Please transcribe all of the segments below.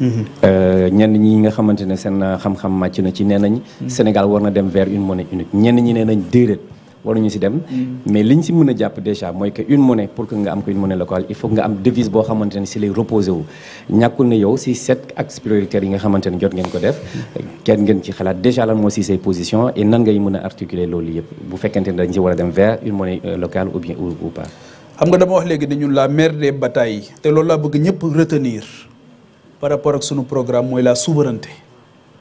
Euh, ñen ñi nga xamante ne seen euh, xam-xam màcc na ci nee nañ mm. Sénégal war na dem vers une monnaie unique ñen ñi nee nañ déedéet waruñu si dem mm. mais liñ si mën a jàpp déjà mooy que une monnaie pour que nga am ko une monnaie locale il faut nga am devise boo xamante ne si lay reposé wu ñàkkul ne yow si sept axes prioritaires yi nga xamante ne jot ngeen ko def kenn ngeen ci xalaat déjà lan moo si say position et nan ngay mën a articuler loolu yëpp bu fekkente ne dañ si war a dem vers une monnaie euh, locale ou bien ou pas xam nga dama wax léegi ne ñun la mère des batailles te loolu laa bëgg ñëpp retenir par rapport à ce programme c'est la souveraineté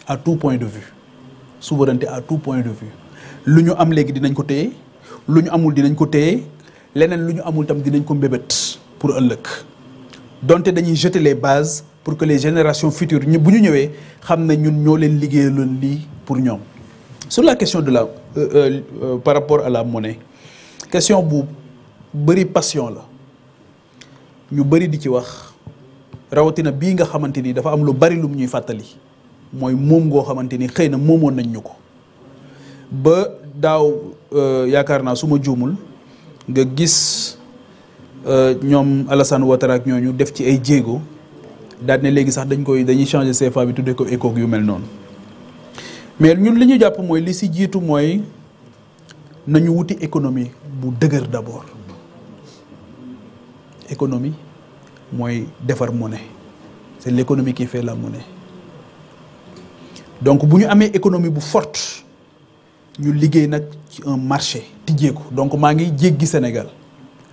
à tout point de vue souveraineté à tout point de vue L'union ñu am côté, dinañ ko qu'on côté, ñu amul dinañ ko téye leneen lu ñu amul tam dinañ ko mbébét pour Donc, donte dañuy jeter les bases pour que les générations futures ñu bu ñu ñëwee nous ñun pour eux. sur la question de la euh, euh, euh, par rapport à la monnaie question bu bëri passion la ñu bëri di ci rawatina bii nga xamante ni dafa am lu bari lum ñuy fàttali mooy moom goo xamante ni xëy na moomoon nañ ñu ko ba daaw euh, yaakaar naa su ma juumul nga gis euh, ñoom Alassane Ouattara ak ñooñu def ci ay jéego daal ne léegi sax dañ koy dañuy changer CFA bi tuddee ko ECO yu mel noonu mais ñun li ñu jàpp mooy li si jiitu mooy nañu wuti économie bu dëgër d'abord économie monnaie c'est l'économie qui fait la monnaie donc nous avons une économie bu forte ñu avons un marché nous donc maa ngi au Sénégal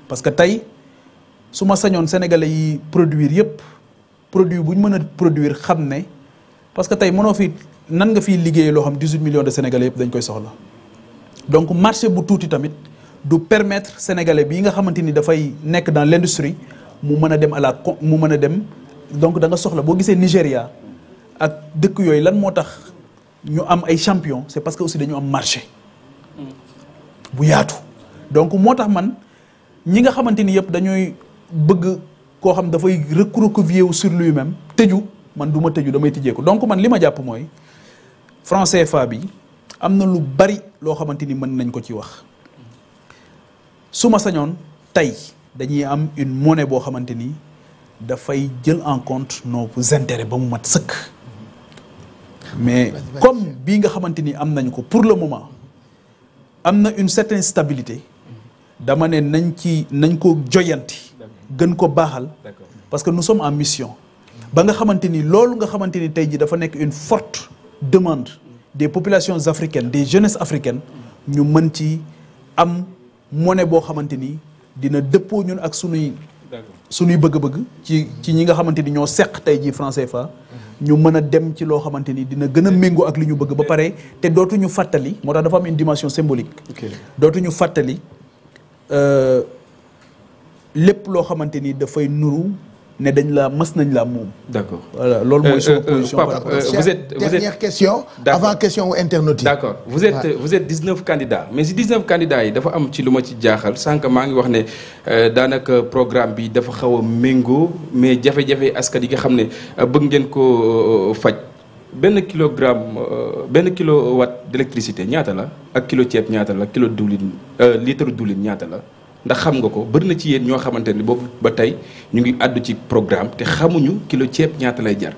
parce que si nous avons un sénégalais yi produire yépp produit bu ñu produire xam ne parce que tey mënoo fi nan nga fi liggéeyee lo xam 18 millions de sénégalais yépp dañ koy soxla donc marché bu tuuti tamit du permettre sénégalais de nga des da fay nekk dans l'industrie mu mën dem à la mu mën dem donc da nga soxla boo gisee Nigéria ak dëkk yooyu lan moo ñu am ay champion c'est parce que aussi dañu am marché bu yaatu donc moo man ñi nga xamante ni yëpp dañuy bëgg koo xam dafay recroqueviller wu sur lui-même teju man duma teju tëju damay ko donc man lima ma moy français Fabi amna lu bari lo xamante ni mën nañ ko ci wax su dañuy am une monnaie boo xamante ni dafay jël en compte nos intérêts ba mu mat sëkk. mais comme bii nga xamante ni am nañ ko pour le moment am une certaine stabilité dama ne nañ ci nañ ko joyanti gën ko baaxal parce que nous sommes en mission ba nga xamante ni loolu nga xamante ni tey ji dafa nekk une forte demande des populations africaines des jeunesses africaines ñu mën ci am monnaie boo xamante dina dëppoo ñun ak sunuy suñuy bëgg-bëgg ci ci ñi nga xamante ni ñoo seq tey jii franc fa mhm. ñu mën a dem ci loo xamante ni dina gën a méngoo ak li ñu bëgg ba pare te dootuñu fàttali moo tax dafa am une dimension symbolique dootuñu fàttali euh, lépp loo xamante ni dafay nuru ne dañ la mës nañ la moom. d'accord voilà loolu mooy euh, sama euh, euh, position. par rapport vous êtes vous êtes dernière question. avant question wu internaute d'accord vous êtes vous êtes 19 candidats mais si 19 candidats yi dafa am ci lu ma ci jaaxal sànq maa ngi wax ne daanaka programme bi dafa xaw a méngoo mais jafe-jafe askan yi nga xam ne bëgg ngeen ko faj. benn kilogramme ben kilowatt d'électricité ñaata la ak kilo ceeb ñaata la kilo euh, litre diwlin ñaata la. ndax xam nga ko barina ci yéen ñoo xamante ni boobu ba tey ñu ngi àddu ci programme te xamuñu kilo ceeb ñaata lay jar.